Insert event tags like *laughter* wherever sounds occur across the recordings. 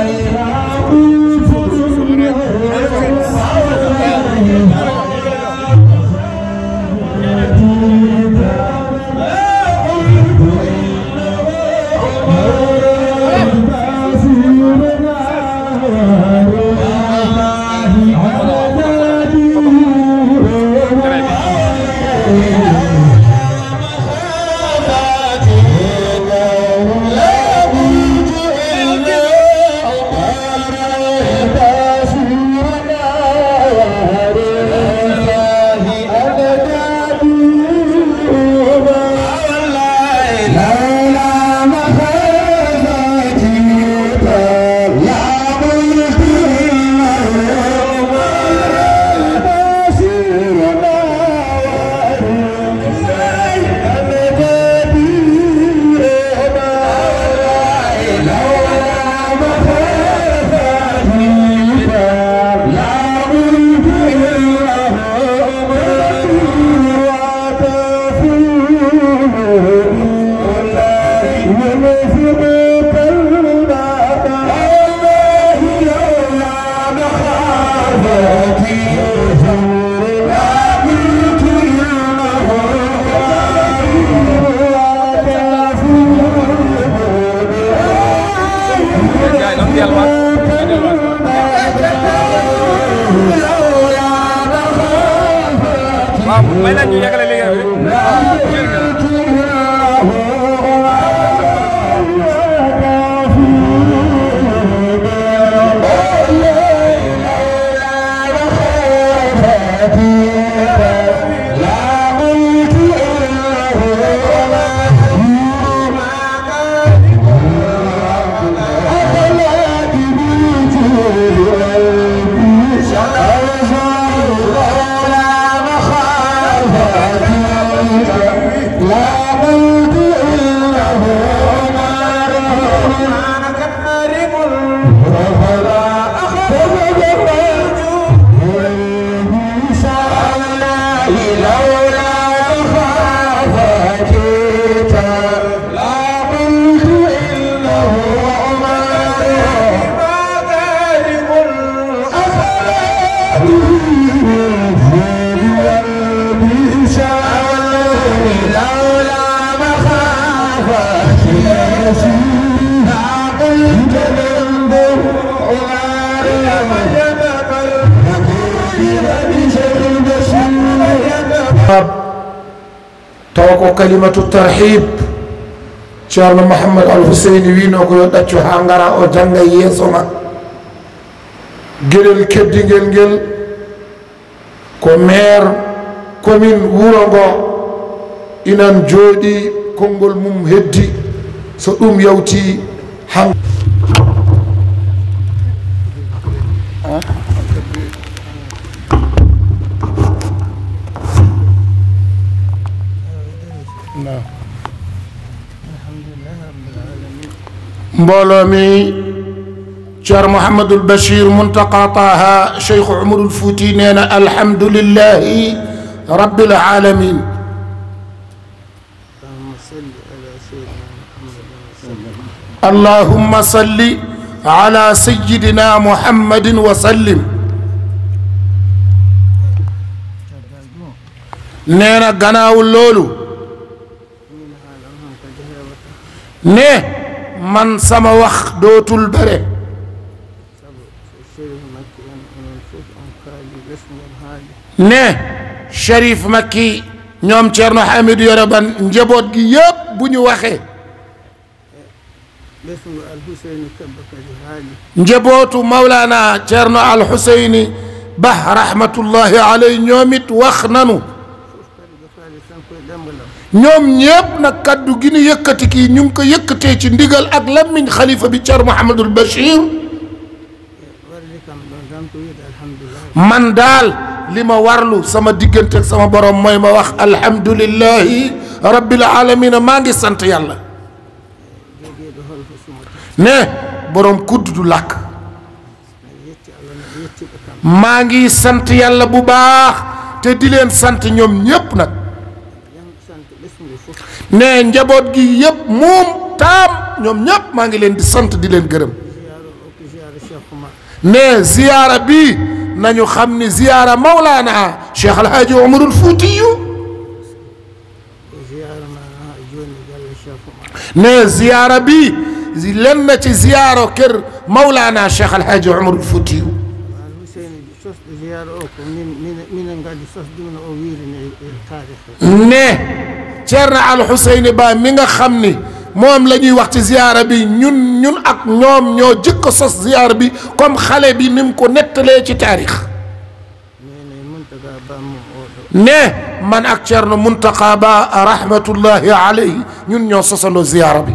I kalimatu tarhib ceerno mouhammad al huseyni wino ko yo ɗaccu ha gara o jangga yeeso ma gueɗel keddigel ngel ko maire commune wuuro ngo inan jooɗi konngol mum heddi so ɗum yawti مولامي شار محمد البشير منتقى طه شيخ عمر الفوتينين الحمد لله رب العالمين اللهم صل على سيدنا محمد وسلم نينا غناو اللولو نيه من سما وخ دوتول بره نه شريف مكي نيوم تيرنو حامد يربان نجبوت جي ييب بو ني واخه نجبوت مولانا تيرنو الحسين بح رحمه الله عليه نيوميت نانو ñoom ñépp nag kaddu gi ñu yëkkati kii ñu ngi ko yëkkatee ci ndigal ak lammiñ xalifa bi Thierno Mouhamadul Bachir man daal li ma warlu sama diggante sama borom mooy ma wax alhamdulillahi rabbil alamina maa ngi sant yàlla ne borom kudd du làkk maa ngi sant yàlla bu baax te di leen sant ñoom ñépp nag ne njaboot gi yëpp moom taam ñoom ñëpp maa ngi leen di sant di leen gërëm ne ziyaara bi nañu xam ni ziyaara mawlaana Cheikh Alhaaji Umarul Fuutiyu ne ziyaara bi len na ci ziyaaro kër mawlaana Cheikh Alhaaji Umarul Fuutiyu ne Thierno Al hussein Ba mi nga xam ni moom la ñuy wax ci ziyaara bi ñun ñun ak ñoom ñoo jëkk sos ziyaara bi comme xale bi ni ko nettalee ci taarix ne man ak Thierno Mountakha Ba rahmatullahi alayhi ñun ñoo sosandoo ziyaara bi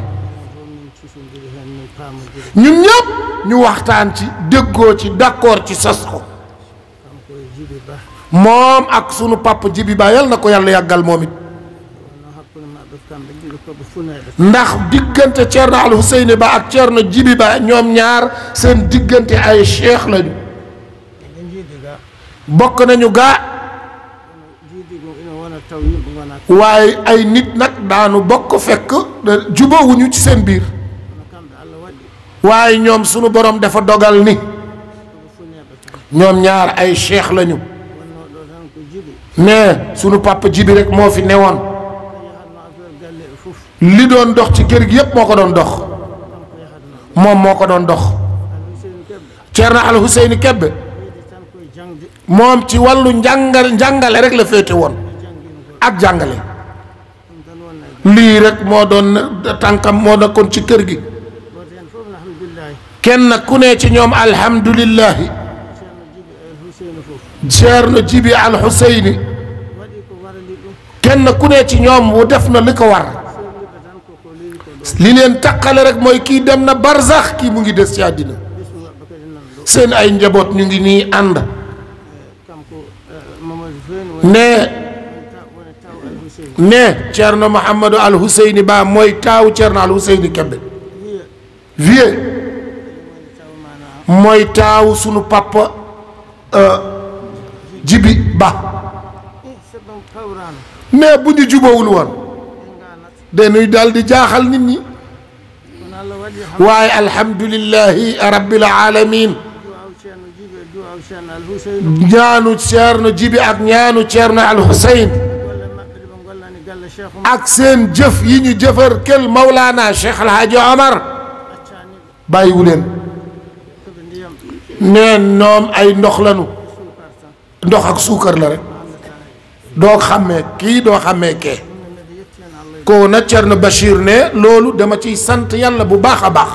ñun ñëpp ñu waxtaan ci déggoo ci d'accord ci sos ko ak sunu papa Jibi Ba yal na ko yàlla yàggal moom ndax diggante Thierno Al Hussein Ba ak na Jibi Ba ñoom ñaar seen diggante ay cheikh lañu bokk nañu gaa waaye ay nit nag daanu bokk fekk jubawuñu ci seen biir waaye ñoom sunu boroom dafa dogal ni ñoom ñaar ay cheikh lañu mais sunu papa Jibi rek moo fi newoon. li doon dox ci kër gi yépp moo ko doon dox moom moo ko doon dox Ceerno Al Huseyni Kebbe moom ci wàllu njàngal njàngale rek la féete woon ak jàngale lii rek moo doon tànkam moo nekkoon ci kër gi kenn ku ne ci ñoom alhamdulillahi Ceerno Jibi Al Huseyni kenn ku ne ci ñoom wu def na li ko war li leen taqale rek mooy kii dem na barsax kii mu ngi des ci àddina seen ay njaboot ñu ngi nii ànd ne ne Thierno Mouhamadou Al Housseyni Ba mooy taawu Thierno Al Housseyni Kebe mooy taawu sunu papa euh, Jibi Ba ne bu ñu jubawul woon دنيو دال دي جاخال نيت ني واي الحمد لله رب العالمين نيانو تشيرنو جيبي اك نيانو تشيرنو الحسين اك سين جف يني جفر كل مولانا شيخ الحاج عمر بايولين نين نوم اي نخلانو نخ اك سوكر لا رك دو خامي كي دو خامي كي kooku nag Thierno Bachir ne loolu dama ciy sant yàlla bu baax a baax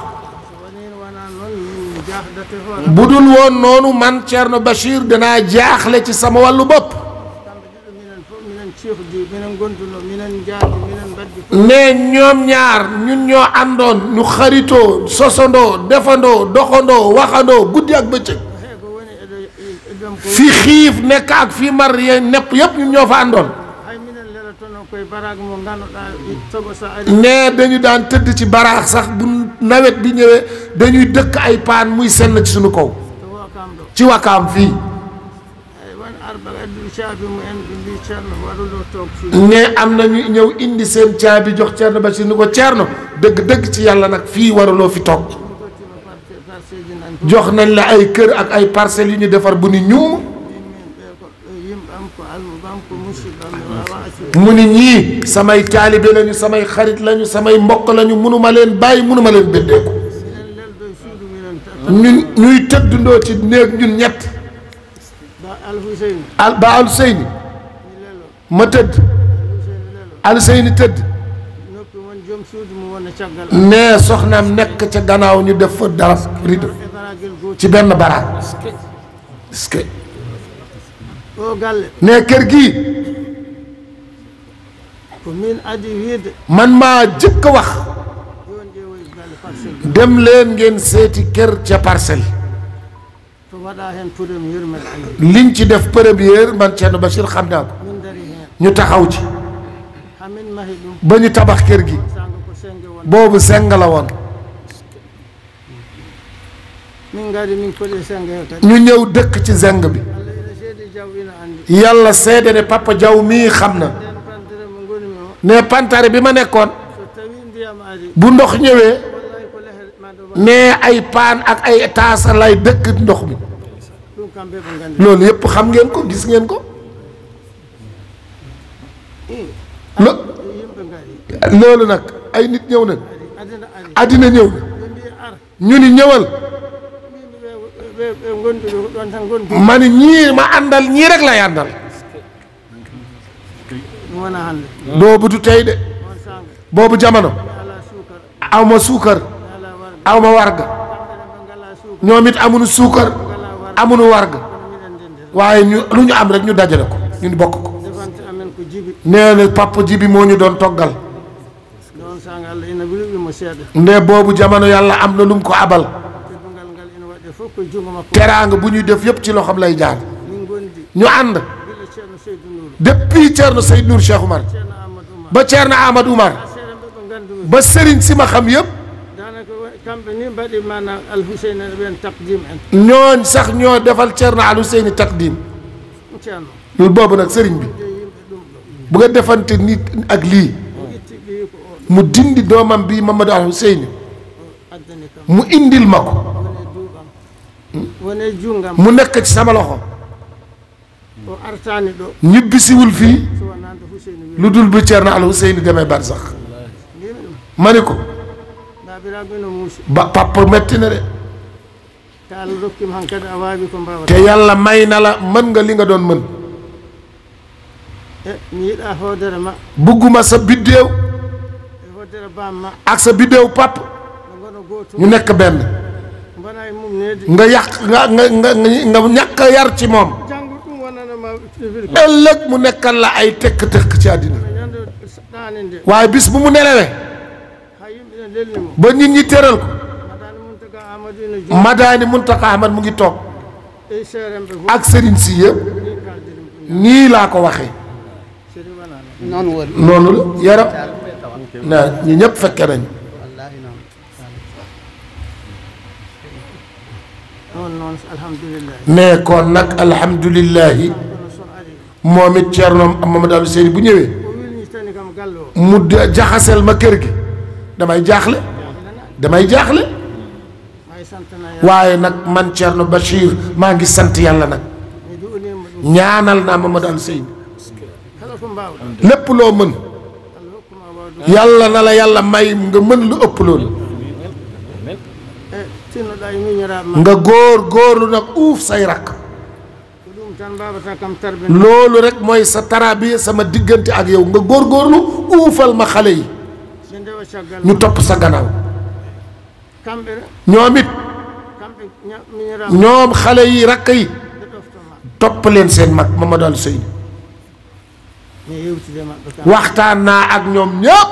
bu dul woon noonu man Thierno Bachir danaa jaaxle ci sama wàllu bopp ne ñoom ñaar ñun ñoo àndoon ñu xaritoo sosandoo defandoo doxandoo waxandoo guddi ak bëccëg fi xiif nekk ak fi mar yeeg nepp yépp ñun ñoo fa àndoon ne dañu daan tëdd ci baraax sax bu nawet bi ñëwee dañuy dëkk ay paan muy senn ci suñu kaw ci wakaam fii ne am nañu ñëw indi seen caabi jox Cerno Bachir ni ko Cerno dëgg-dëgg ci yàlla nag fii waraloo fi toog jox nañ la ay kër ak ay parcelles yu ñu defar bu ni ñum mu ni ñii samay taalibe lañu samay xarit lañu samay mbokk lañu mënuma leen bàyyi munuma leen beddeeku ñun ñuy tëddundoo ci néeg ñun ñett al ba alseyni ma tëdd alseyni tëdd mais soxnaam nekk ca gannaaw ñu def fa dara rido ci benn baraag ne kër gi man maa jëkk a wax dem leen ngeen seeti kër ca parcel liñ ci def première man Thierno Bachir xam naa ko ñu taxaw ci ba ñu tabax kër gi boobu seng la woon ñu ñëw dëkk ci seng bi yàlla seede ne papa jaw mii xam na ne pantare bi ma nekkoon bu ndox ñëwee ne ay paan ak ay taasa dëkk ndox mi loolu yëpp xam ngeen ko gis ngeen ko eh, loolu nag ay nit ñëw nañ àddina ñëw ñu ni ñëwal man ñi ma andal ñi rek lay andal do butu tay de bobu jamono awma sukar awma warga ñomit amunu sukar amunu warga waye ñu luñu am rek ñu dajale ko ñu bokk ko neena papa jibi mo ñu doon togal ne bobu jamono yalla amna na lum ko abal teraanga bu ñuy def yépp ci loxoom lay jaar ñu ànd depuis Thierno Seydou Nour Cheikh Oumar ba Thierno Ahmad Oumar ba Serigne si ma xam yépp ñooñ sax ñoo defal Thierno Al Housseyni taqdim loolu boobu nag Serigne bi bu nga defante nit ak lii mu dindi doomam bi Mamadou Al Housseyni mu indil ma ko mu nekk ci sama loxo ñibbisiwul fii lu dul bi Ceerno al Huseyni demee barsax ma ni ko ba papa metti na de te yàlla may na la mën nga li nga doon mën e, bugguma sa biddéew e ak sa biddéew pap ñu nekk benn nga yàq nga nga nga nga ñàkk yar ci moom ëllëg mu nekkal la ay tëkk-tëkk ci àddina waaye bis bu mu nelewe ba nit ñi tëral ko madaani muntaka ahmad mu ngi toog ak sëriñ si yëpp nii laa ko waxee noonu la yaram na ñu ñëpp fekke nañ nee kon nag alhamdulillahi moom it Thierno Mamadou Abdou Seydi bu ñëwee mu jaxasel ma kër gi damay jaaxle damay jaaxle waaye nag man Thierno Bachir maa ngi sant yàlla nag ñaanal naa Mamadou Abdou Seydi lépp loo mën yàlla na la yàlla may nga mën lu ëpp loolu nga góor góorlu nag uuf say rakk loolu rek mooy sa taraabi sama diggante ak yow nga góor góorlu uufal ma xale yi ñu topp sa gannaaw ñoom it ñoom xale yi rakk yi topp leen seen mag ma Al Seyni waxtaan naa ak ñoom ñëpp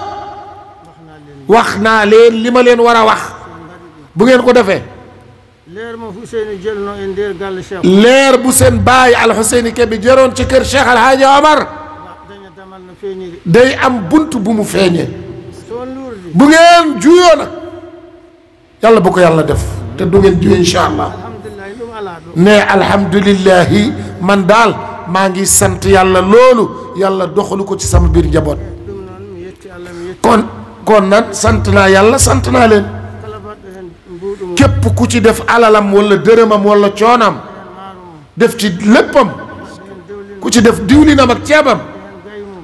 wax naa leen li ma leen war a wax bu ngeen ko defee leer moom Ousseynou jël noo en ndeer gàll Cheikh leer bu seen bàyyi al Ousseynou Kébé jëroon ci kër Cheikh Al Hadji Omar day am bunt bu mu feeñee bu ngeen juyoo yàlla bu ko yàlla def te du ngeen juyoo incha allah ne alhamdulillahi man daal maa ngi sant yàlla loolu yàlla doxalu ko ci sama biir njaboot kon kon nag sant naa yàlla sant naa leen képp ku ci def alalam wala dërëmam wala coonam def ci léppam ku ci def diwlinam ak ceebam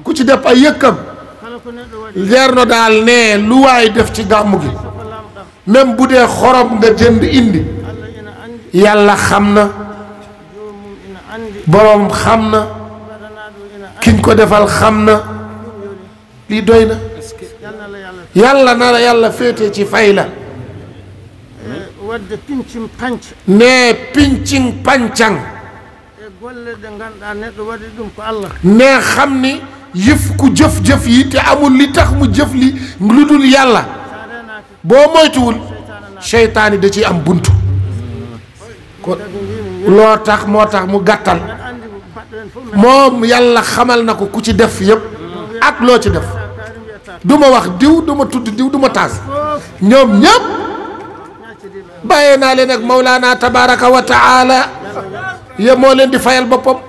ku ci def ay yëkkam leer na daal ne lu waay def ci gàmm gi même bu dee xorom nga jënd indi yàlla xam na borom xam na kiñ ko defal xam na lii doy na yàlla na la yàlla féete ci fay la wadde pincin panca ne pincin pancan e golle ne xam ni yëf ku jëf-jëf yi te amul li tax mu jëf li lu dul yàlla boo moytuwul seytaane da ciy am bunt ko loo tax moo tax mu gàttal moom yàlla xamal na ko ku ci def yëpp ak loo ci def du ma wax diw du tudd diw du taas ñoom ñëpp bayena len ak maulana tabaaraku wa ta'ala ye mo len di fayal bopam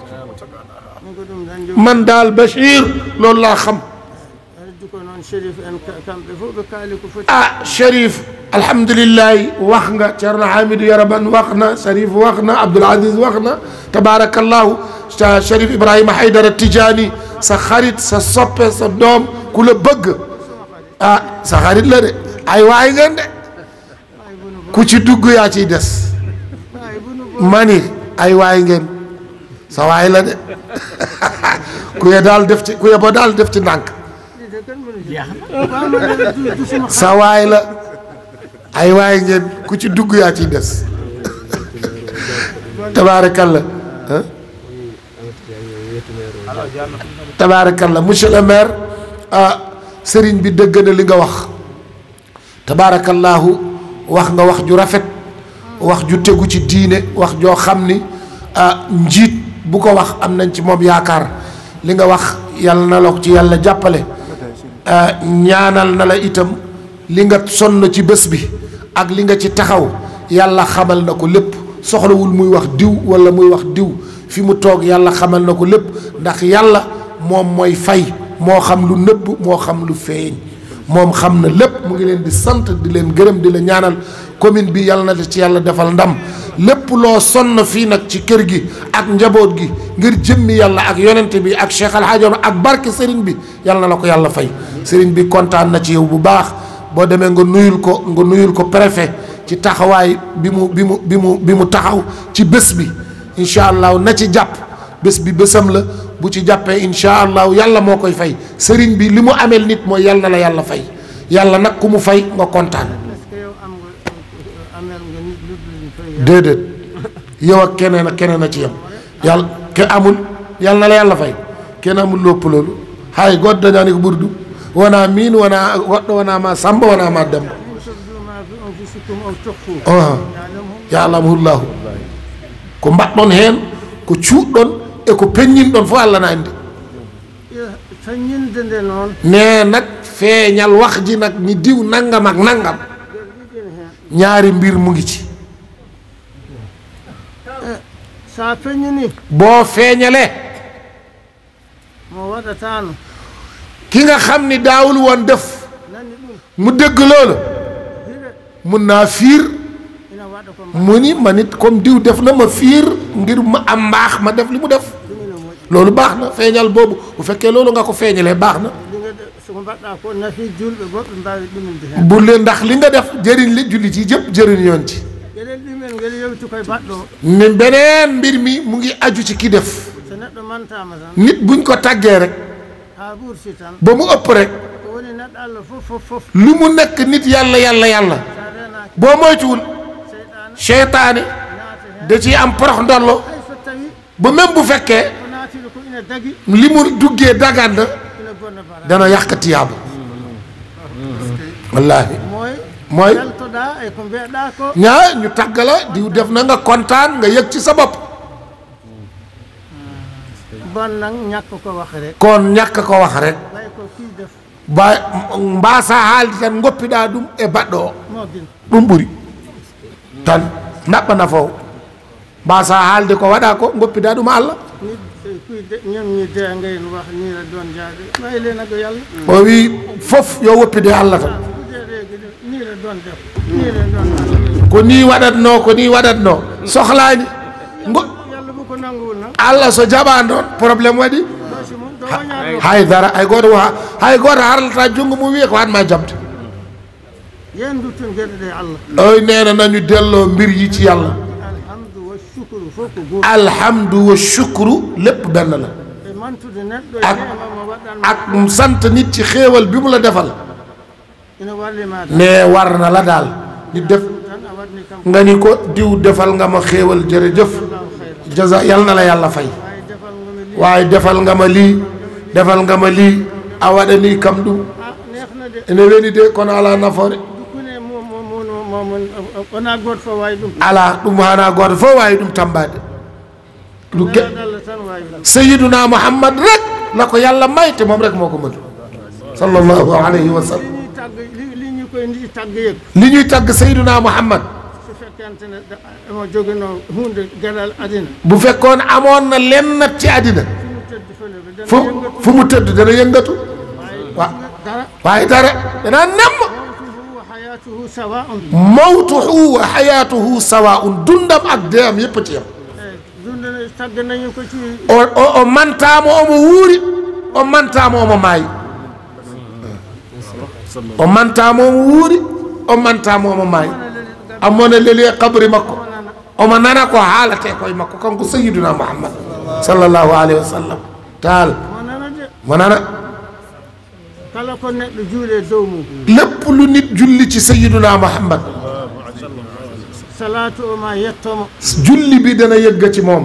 man dal bashir lol la xam ah sharif الحمد لله وخنا تشرنا حامد يا ربنا وخنا شريف وخنا عبد العزيز وخنا تبارك الله شريف ابراهيم حيدر التجاني سخريت سصوب سدوم كل بغ اه سخريت لا اي واي غن دي أيوة، أيوة، أيوة. ku ci dugg yaa ciy des mani ay waay ngeen sa waay la de *laughs* ku ye daal def ci ku def ci ndànk sa waay la ay waay ngeen ku ci dugg yaa ciy des tabaarakalla *laughs* tabaarakalla monsieur ah, sëriñ bi dëgg na li nga wax tabaarakallaahu wax nga wax ju rafet wax ju tegu ci diine wax joo xam ni ah njiit bu ko wax am nañ ci moom yaakaar li nga wax yàlla na la ci yàlla jàppale ah, ñaanal na la itam li nga sonn ci bés bi ak li nga ci taxaw yàlla xamal na ko lépp soxlawul muy wax diw wala muy wax diw fi mu toog yàlla xamal na ko lépp ndax yàlla moom mooy fay moo xam lu nëbb moo xam lu feeñ moom xam na lépp mu ngi leen di sant di leen gërëm di la ñaanal commune bi yàlla na ci yàlla defal ndam lépp loo sonn fii nag ci kër gi ak njaboot gi ngir jëmmi yàlla ak yonente bi ak Cheikh Al Hadj ak barke Serigne bi yàlla na la ko yàlla fay. Serigne bi kontaan na ci yow bu baax boo demee nga nuyul ko nga nuyul ko préfet ci taxawaay bi mu bi mu bi mu bi mu taxaw ci bés bi incha allah na ci jàpp bés bi bésam la. bu ci jàppee incha allahu yàlla moo koy fay sëriñ bi li mu ameel nit mooy yàlla la yàlla fay yàlla nag ku mu fay nga kontaan. déedéet yow keneen ak keneen a ci yem yàlla ke amul yàlla na la yàlla fay kenn amul lépp loolu hay god dañaa ko burdu wanaa miin wanaa god wanaa ma sàmba wanaa ma dem ya'lamuhu llahu ko mbaɗɗon heen ko cuuɗɗon eko peññinɗon fof allah na anndi soññinde nde noon ne nag feeñal wax ji nanga ni diw nangam ak nangam ñaari mbir mu ngi ci eh, saa bo feñale mo wada tan ki nga xamni dawul won def mu dëgg lolu munafir mu ni ma it comme diw def na ma fiir ngir ma am mbaax ma def li mu def loolu baax na feeñal boobu bu fekkee loolu nga ko feeñalee baax na bu leen ndax li nga def jëriñ li jullit yi yëpp jëriñ yoon ci ni beneen mbir mi mu ngi aju ci ki def nit buñ ko tàggee rek ba mu ëpp rek lu mu nekk nit yàlla yàlla yàlla boo moytuwul seytaane da ci am prox ndollo bu même bu fekkee limu duggé duggee dagaan na dana melayu. tiyaaba wallaahi mooy ñaa ñu tagala di def na nga kontaan nga yek ci sa bopp kon ñak ko wax rek ba mbaa sa haali tan ngoppiɗaa dum e baddo dum buri tan naɓɓana fo sa halde ko wada ko goppida dum allah o oh, wi fof yo woppide allah ko kan? ni wadat no ko ni no soxla ni allah so Problem wadi hay dara ay hay ha hay goto ta junggo mu wi ko ma jamde الحمد والشكر لب بن لا اكم سانت نيت شي خيوال بيمو لا ديفال ني وارنا لا دال ني ديف غاني كو ديو ديفال غاما خيوال جيري جف جزاء يالنا لا يالا فاي واي ديفال غاما لي ديفال غاما لي اوادني كامدو ني وني دي كون على نافوري momon wona goto fof wawi ɗum ala ɗum hana goto fof wawi ɗum tambade ɗum ge seyiduna mouhammad rek nako yallah mayte moom rek moko madu sallllahu alayhi wa sallam liñuy koye ndi tagg yek li ñuy tagg seyiduna mouhammad emo jogino hunde gaɗal adina bu fekkoon amoon na lennat ci adina fu fu mu dana yëngatu wa waaye dara dana nemm mawtuhu wa xayaatuhu sawaun dundam ak deyam yépp ci yam o o mantaamo omo wuuri o mantaamo omo maayi o omo wuuri o omo maayi ammone leli e kabri makko omo nana ko haalate koye makko kanko sayiduna mouhammad sallllahu alayhi wa sallam taala mo nana kala ko neɗɗo juule dow mum lépp lu nit julli ci sayiduna muhammad salatu o ma yettomo julli bi dana yëgga ci moom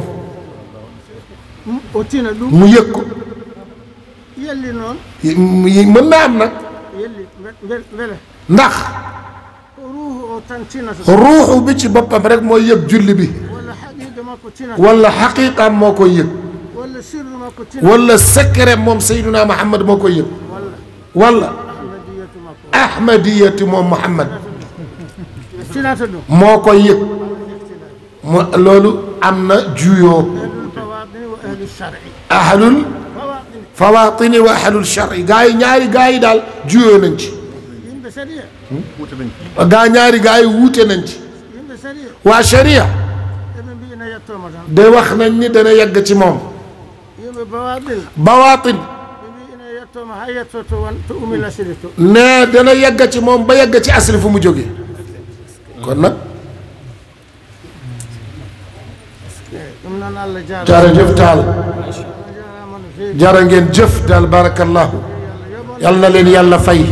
o tina ɗum mu yëg ko yelli noon mën naa am nag yelli wele ndax ruuhu o tan tinata ruuxu bi ci boppam rek mooy yëg julli bi wala xaqiqa makko tinata wala xaqiqaam moo koy yëg wala sirru makko tinata wala secret moom sayduna muhammad moo koy yëg walla ahmadiyatu moom Muhammad moo ko yëg mu loolu am na juyoo ahlul fawatini wa ahlul shari gaa yi ñaari gaa yi daal juyoo nañ ci gaa ñaari gaa yi wuute nañ ci waa sharia de wax nañ ni dana yegg ci moom bawaatin ne dana yàgg ci moom ba yàgg fu mu jóge kon nag jaara jëf taal jaara ngeen jëf leen yàlla fay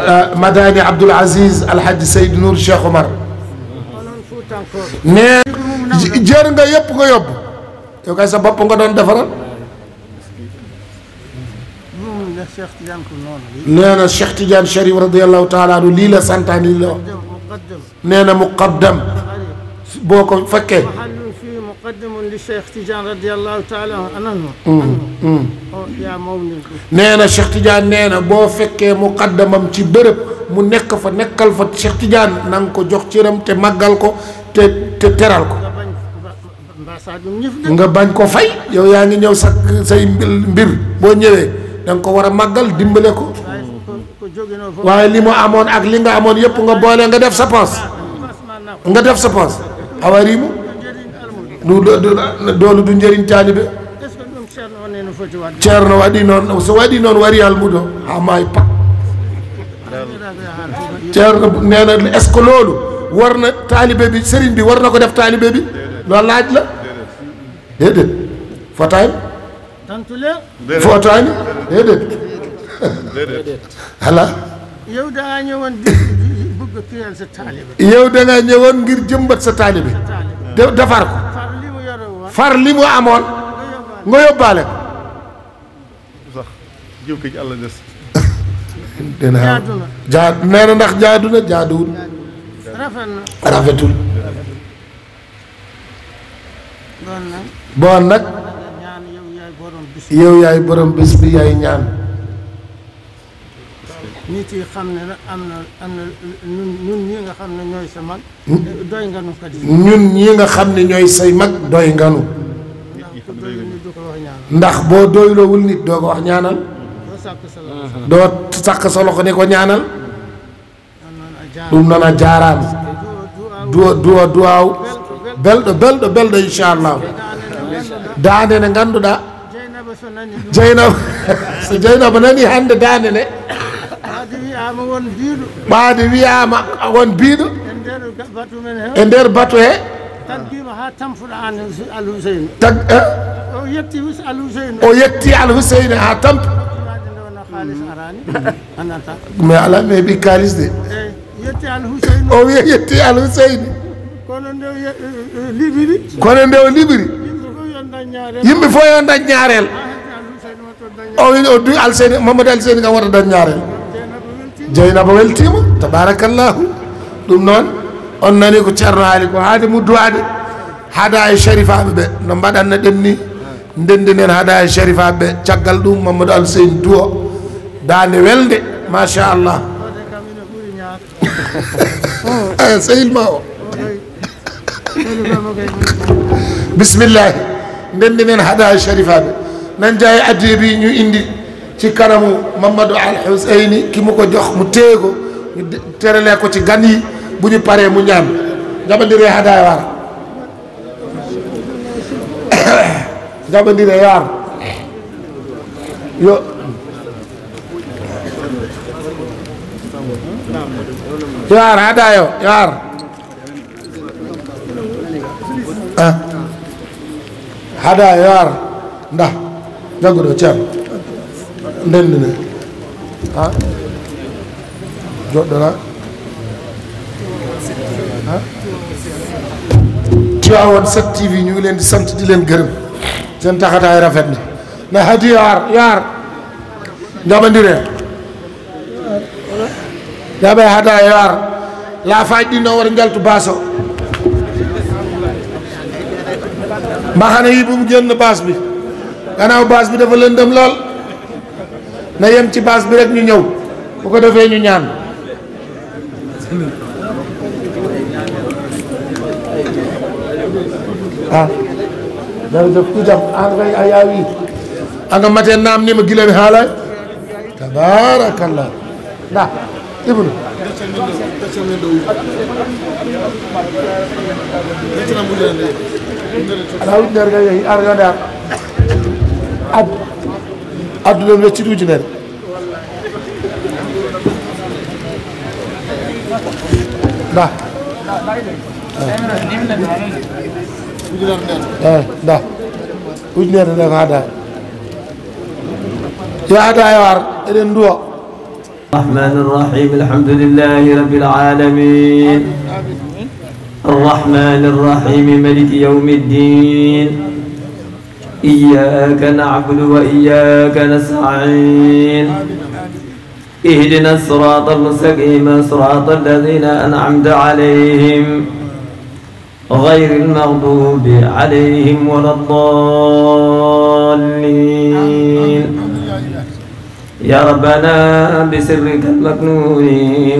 ah, madani abdoul aziz alhaji seyd nour cheikh omar ne jër nga yëpp nga sa bopp nga doon defaral nee na Cheikh Tidiane Chérif radiallahu taala anhu lii la santaani lii la nee na muqaddam boo ko fekkee مقدم للشيخ تيجان رضي الله تعالى عنه يا مولد نينا شيخ تيجان نينا بو فكي مقدمم تي بيرب مو نيك فا نيكال nga bañ ko fay yow yaa ngi ñëw sa say mbir yang kau ko wara magal dimbele ko waye li amone ak li nga amone yep nga boole nga def sa poos nga def sa poos awarimu du do du njëriñ taalibe cerno wadi non so wadi non wari mudo ha ah, may pak cerno neena est ce lolu warna taalibe bi serigne bi warna ko def taalibe bi lo laaj la dedet fotayim tontu leen. footaañ déedéet. ngir jëmbat sa taalibe. de defar ko. far li mu amoon. nga yóbbaale ko. sax nee na ndax jaadu na jaaduwul. rafet rafetul. bon nag. yow yaay borom bis bi yaay ñaan. nit yi xam ne nag am na am na ñun ñi nga xam ne ñooy sa mag. doy nga nu kat ñun ñi nga xam ne ñooy say mag doy nga nu. ndax boo doyloowul nit doo ko wax ñaanal. doo sàkk sa loxo ne ko ñaanal. dum nana jarama duwa duwa duwaw belɗo belɗo belɗo daane ne ngandu ganduɗa dieynaba *laughs* so dieynaba nani hande dande nde ɓaade wiyama won biiɗo e nder batu he taggima eh? ha tampuɗa an hmm. alhuseyne tag o yetti alhuseyne o yetti alhuseyne ha tampa mais ala mi heeɓi kalis de yetti alhuseyne o wiya yetti alhuseyne kono nde liɓiri kono nde o liɓiri yimɓe fof yo dañ ñaarel أوين أودي ألسين محمد ألسين كمان دان ياري جينا بويل تيمو تبارك الله دوم نون أنني كشرنا عليك هذا مدوادي هذا الشريف أبي نمبر أن ندني ندني أن هذا الشريف أبي تقبل دوم محمد ألسين دوا داني ويلد ما شاء الله *laughs* سيل ما *laughs* بسم الله ندني أن هذا الشريف أبي nañ jaay addiya ñu indi ci kanamu Mamadou Al Huseyni ki mu ko jox mu téye ko ñu teralee ko ci gan yi bu ñu paree mu ñaan jabandiree hadaaya waar *coughs* jabandiree waar yo yaar hadaayo yaar ah. hadaayo yaar ndax jagguɗo ceerno ndendine ha ah. joɗɗora ah. Tivaouane 7 TV ñu ngi leen di sant di leen gërëm seen taxataay rafet na na hadi yaar yaar jaɓandire jaɓe hada yaar laafaji ɗi no wara jaltu baas mbaxana yi génn baas bi ganaw baas bi dafa lëndëm lol na yem ci baas bi rek ñu ñew bu ko defé ñu ñaan ah da do ku jam angay ayawi anga maté nam ni ma gilami hala tabarakallah da ibnu ala wudner ga yehi arga ndar أب أب لم لا لا لا لا لا يا لا لا الرحمن الرحيم الحمد لله رب العالمين الرحمن الرحيم ملك يوم الدين إياك نعبد وإياك نستعين اهدنا الصراط المستقيم صراط الذين أنعمت عليهم غير المغضوب عليهم ولا الضالين يا ربنا بسرك المكنون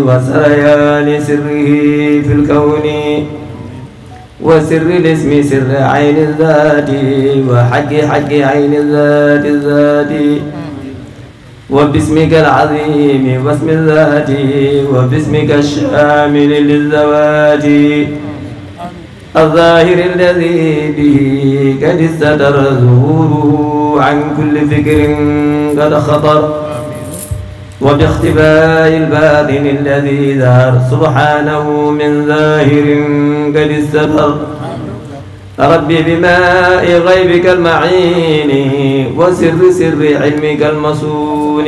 وسريان سره في الكون وسر الاسم سر عين الذات وحق حق عين الذات الذات وباسمك العظيم واسم الذات وباسمك الشامل للذوات الظاهر الذي به قد استدر ظهوره عن كل فكر قد خطر وباختباء الباطن الذي ظهر سبحانه من ظاهر قد استبر ربي بماء غيبك المعين وسر سر علمك المصون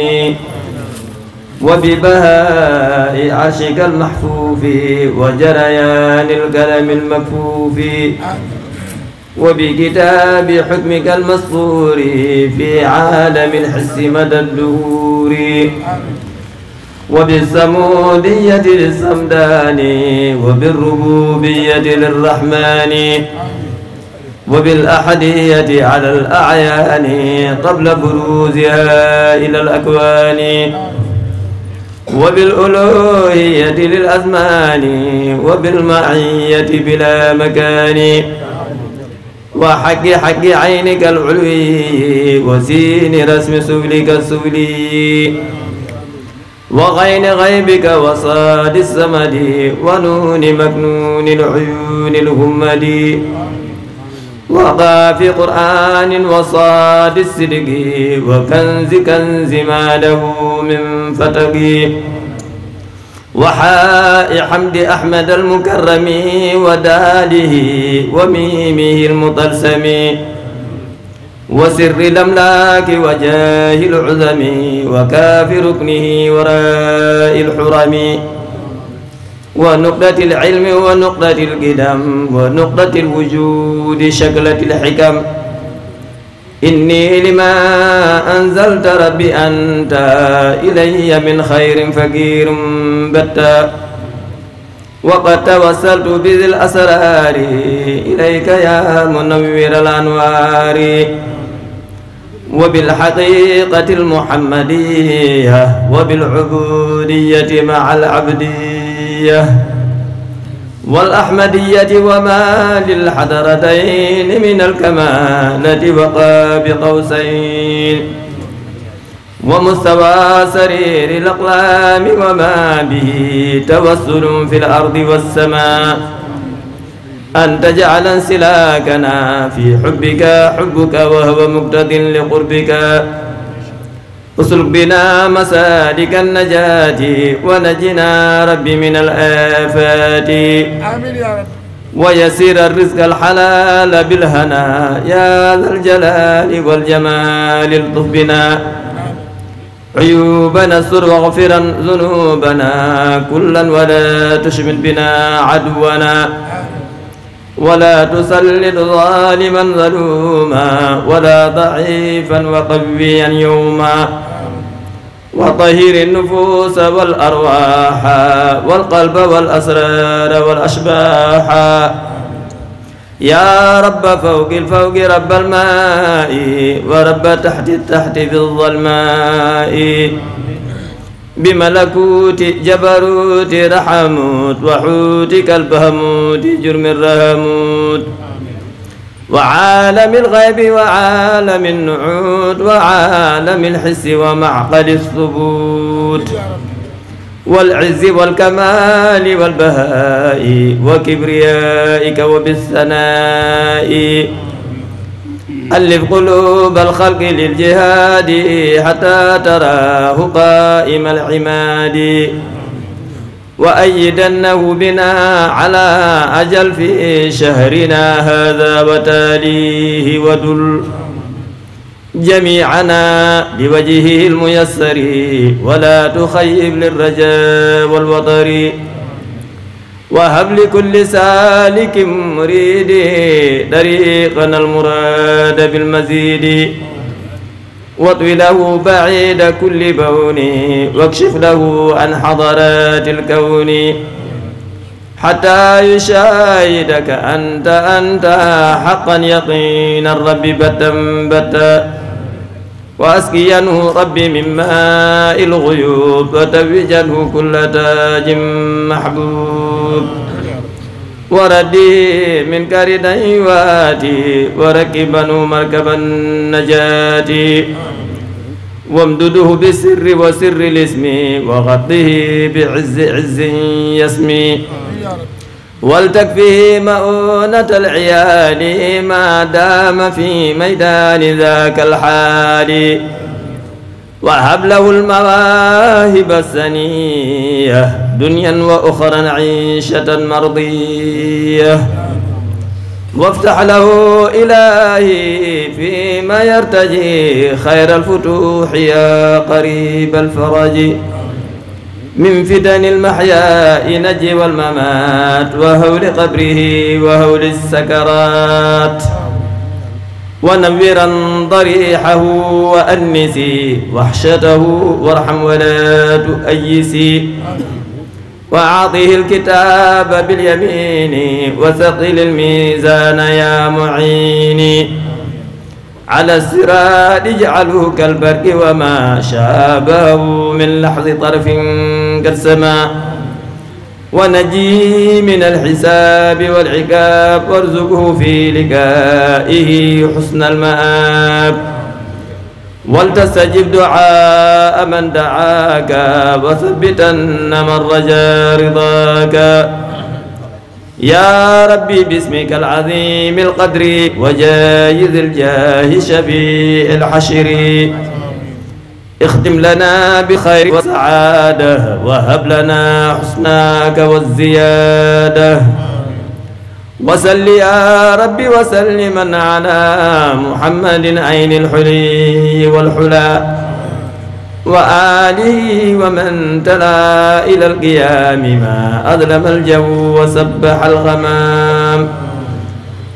وببهاء عشق المحفوف وجريان القلم المكفوف وبكتاب حكمك المسطور في عالم الحس مدى الدهور وبالسمودية للصمدان وبالربوبية للرحمن وبالأحدية على الأعيان قبل بروزها إلى الأكوان وبالألوهية للأزمان وبالمعية بلا مكان وحق حق عينك العلوي وزين رسم سبلك السبلي وغين غيبك وصاد السمد ونون مكنون العيون الهمد وقاف قرآن وصاد الصدق وكنز كنز ما له من فتقي وحاء حمد أحمد المكرم وداله وميمه المطلسم وسر الأملاك وجاه العزم وكاف ركنه وراء الحرم ونقدة العلم ونقدة القدم ونقدة الوجود شكلة الحكم إني لما أنزلت ربي أنت إلي من خير فقير بتا وقد توسلت بذي الأسرار إليك يا منور الأنوار وبالحقيقة المحمدية وبالعبودية مع العبدية والأحمدية وما للحضرتين من الكمانة وقاب قوسين ومستوى سرير الأقلام وما به توسل في الأرض والسماء أن تجعل انسلاكنا في حبك حبك وهو مقتد لقربك اسلك بنا مسالك النجاة ونجنا ربي من الآفات آمين يا رب ويسير الرزق الحلال بالهنا يا ذا الجلال والجمال الطف بنا عيوبنا استر واغفرا ذنوبنا كلا ولا تشمل بنا عدونا ولا تسلط ظالما ظلوما ولا ضعيفا وقويا يوما وطهر النفوس والأرواح والقلب والأسرار والأشباح يا رب فوق الفوق رب الماء ورب تحت التحت في الظلماء بملكوت جبروت رحموت وحوتك البهموت جرم الرهموت وعالم الغيب وعالم النعود وعالم الحس ومعقل الثبوت والعز والكمال والبهاء وكبريائك وبالثناء ألف قلوب الخلق للجهاد حتى تراه قائم العماد وأيدنه بنا على أجل في شهرنا هذا وتاليه ودل جميعنا بوجهه الميسر ولا تخيب للرجاء والوطر وهب لكل سالك مريد طريقنا المراد بالمزيد واطوي له بعيد كل بون واكشف له عن حضرات الكون حتى يشاهدك أنت أنت حقا يقين الرب بتا بتا وأسقينه ربي من ماء الغيوب وتوجنه كل تاج محبوب وردي من كاردا واتي وركبنه مركب النجاة وامدده بالسر وسر الاسم وغطه بعز عز يسمي ولتكفيه مؤونة العيال ما دام في ميدان ذاك الحال وهب له المواهب السنية دنيا وأخرى عيشة مرضية وافتح له إلهي فيما يرتجي خير الفتوح يا قريب الفرج من فتن المحياء نجي والممات وهول قبره وهول السكرات ونوراً ضريحه وأنسي وحشته وارحم ولا تؤيسي وأعطه الكتاب باليمين وثقل الميزان يا معيني على السراد اجعله كالبرق وما شابه من لحظ طرف سما ونجيه من الحساب والعقاب وارزقه في لقائه حسن المآب ولتستجب دعاء من دعاك وثبتن من رجا رضاك يا ربي باسمك العظيم القدر وجايز الجاه شفيع الحشر اختم لنا بخير وسعادة وهب لنا حسناك والزيادة وسل يا رب وسلما على محمد عين الحلي والحلا وآله ومن تلا إلى القيام ما أظلم الجو وسبح الغمام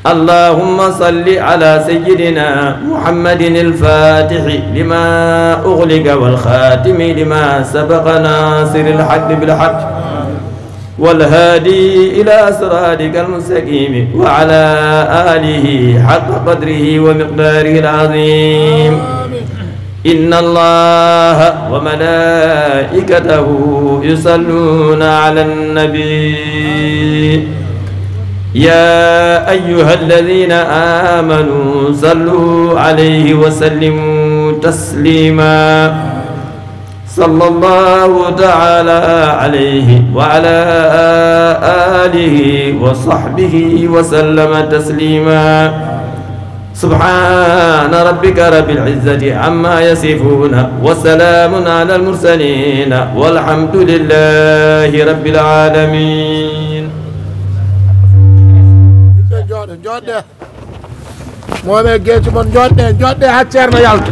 اللهم صل على سيدنا محمد الفاتح لما أغلق والخاتم لما سبق ناصر الحق بالحق والهادي إلى أسرارك المستقيم وعلى آله حق قدره ومقداره العظيم إن الله وملائكته يصلون على النبي يا أيها الذين آمنوا صلوا عليه وسلموا تسليما صلى الله تعالى عليه وعلى آله وصحبه وسلم تسليما سبحان ربك رب العزة عما يصفون وسلام على المرسلين والحمد لله رب العالمين joɗɗe moome geeci mon joɗɗe joɗɗe ha ceerno yalta